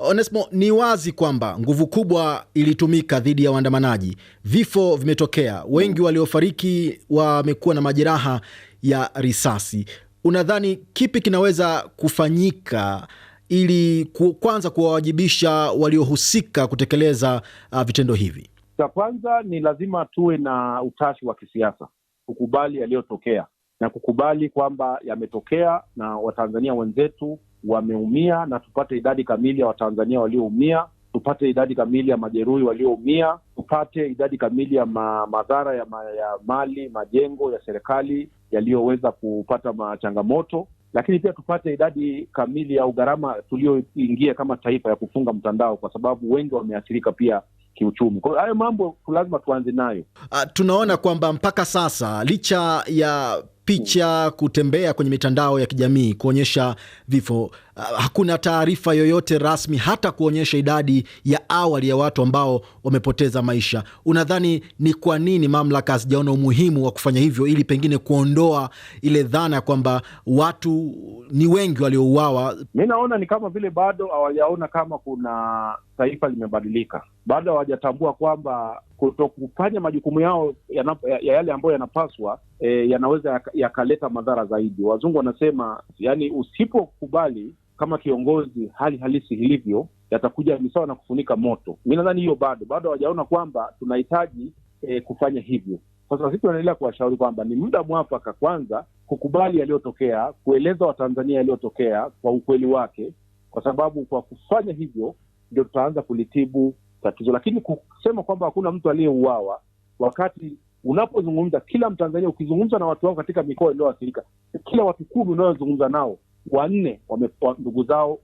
Onesmo, ni wazi kwamba nguvu kubwa ilitumika dhidi ya waandamanaji, vifo vimetokea, wengi waliofariki wamekuwa na majeraha ya risasi. Unadhani kipi kinaweza kufanyika ili kwanza kuwawajibisha waliohusika kutekeleza uh, vitendo hivi? Cha kwanza ni lazima tuwe na utashi wa kisiasa kukubali yaliyotokea na kukubali kwamba yametokea, na Watanzania wenzetu wameumia na tupate idadi kamili ya Watanzania walioumia, tupate idadi kamili ya majeruhi walioumia, tupate idadi kamili ya ma, madhara ya, ma, ya mali majengo ya serikali yaliyoweza kupata machangamoto, lakini pia tupate idadi kamili au gharama tulioingia kama taifa ya kufunga mtandao, kwa sababu wengi wameathirika pia kiuchumi. Kwa hiyo hayo mambo lazima tuanze nayo. Uh, tunaona kwamba mpaka sasa licha ya picha kutembea kwenye mitandao ya kijamii kuonyesha vifo ah, hakuna taarifa yoyote rasmi hata kuonyesha idadi ya awali ya watu ambao wamepoteza maisha. Unadhani ni kwa nini mamlaka hazijaona umuhimu wa kufanya hivyo, ili pengine kuondoa ile dhana kwamba watu ni wengi waliouawa? Mi naona ni kama vile bado hawajaona kama kuna taifa limebadilika, bado hawajatambua kwamba kutokufanya majukumu yao ya, ya yale ambayo yanapaswa e, yanaweza yakaleta ya madhara zaidi. Wazungu wanasema yani, usipokubali kama kiongozi hali halisi ilivyo, yatakuja ni sawa na kufunika moto. Mi nadhani hiyo bado bado hawajaona kwamba tunahitaji e, kufanya hivyo. Sasa sisi tunaendelea kuwashauri kwamba ni muda mwafaka kwanza kukubali yaliyotokea, kueleza Watanzania yaliyotokea kwa ukweli wake, kwa sababu kwa kufanya hivyo ndio tutaanza kulitibu tatizo. Lakini kusema kwamba hakuna mtu aliyeuawa, wakati unapozungumza, kila Mtanzania ukizungumza na watu wao katika mikoa iliyoathirika, kila watu kumi unayozungumza nao wanne ndugu zao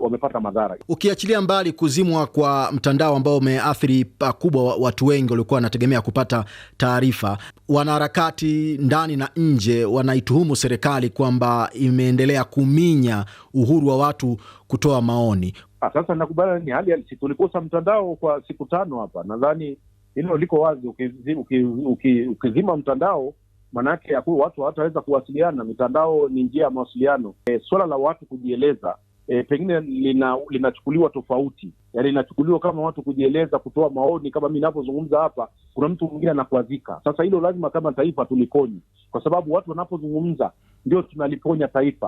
wamepata madhara. Ukiachilia mbali kuzimwa kwa mtandao ambao umeathiri pakubwa watu wengi waliokuwa wanategemea kupata taarifa, wanaharakati ndani na nje wanaituhumu serikali kwamba imeendelea kuminya uhuru wa watu kutoa maoni. Ah, sasa nakubaliana ni hali, tulikosa mtandao kwa siku tano hapa, nadhani hilo liko wazi. Ukizima uki, uki, uki mtandao maanake watu hawataweza kuwasiliana. Mitandao ni njia ya mawasiliano. E, eh, suala la watu kujieleza e, pengine lina, linachukuliwa tofauti, yaani linachukuliwa kama watu kujieleza, kutoa maoni. Kama mi navyozungumza hapa, kuna mtu mwingine anakuazika. Sasa hilo lazima kama taifa tulikonye, kwa sababu watu wanapozungumza ndio tunaliponya taifa.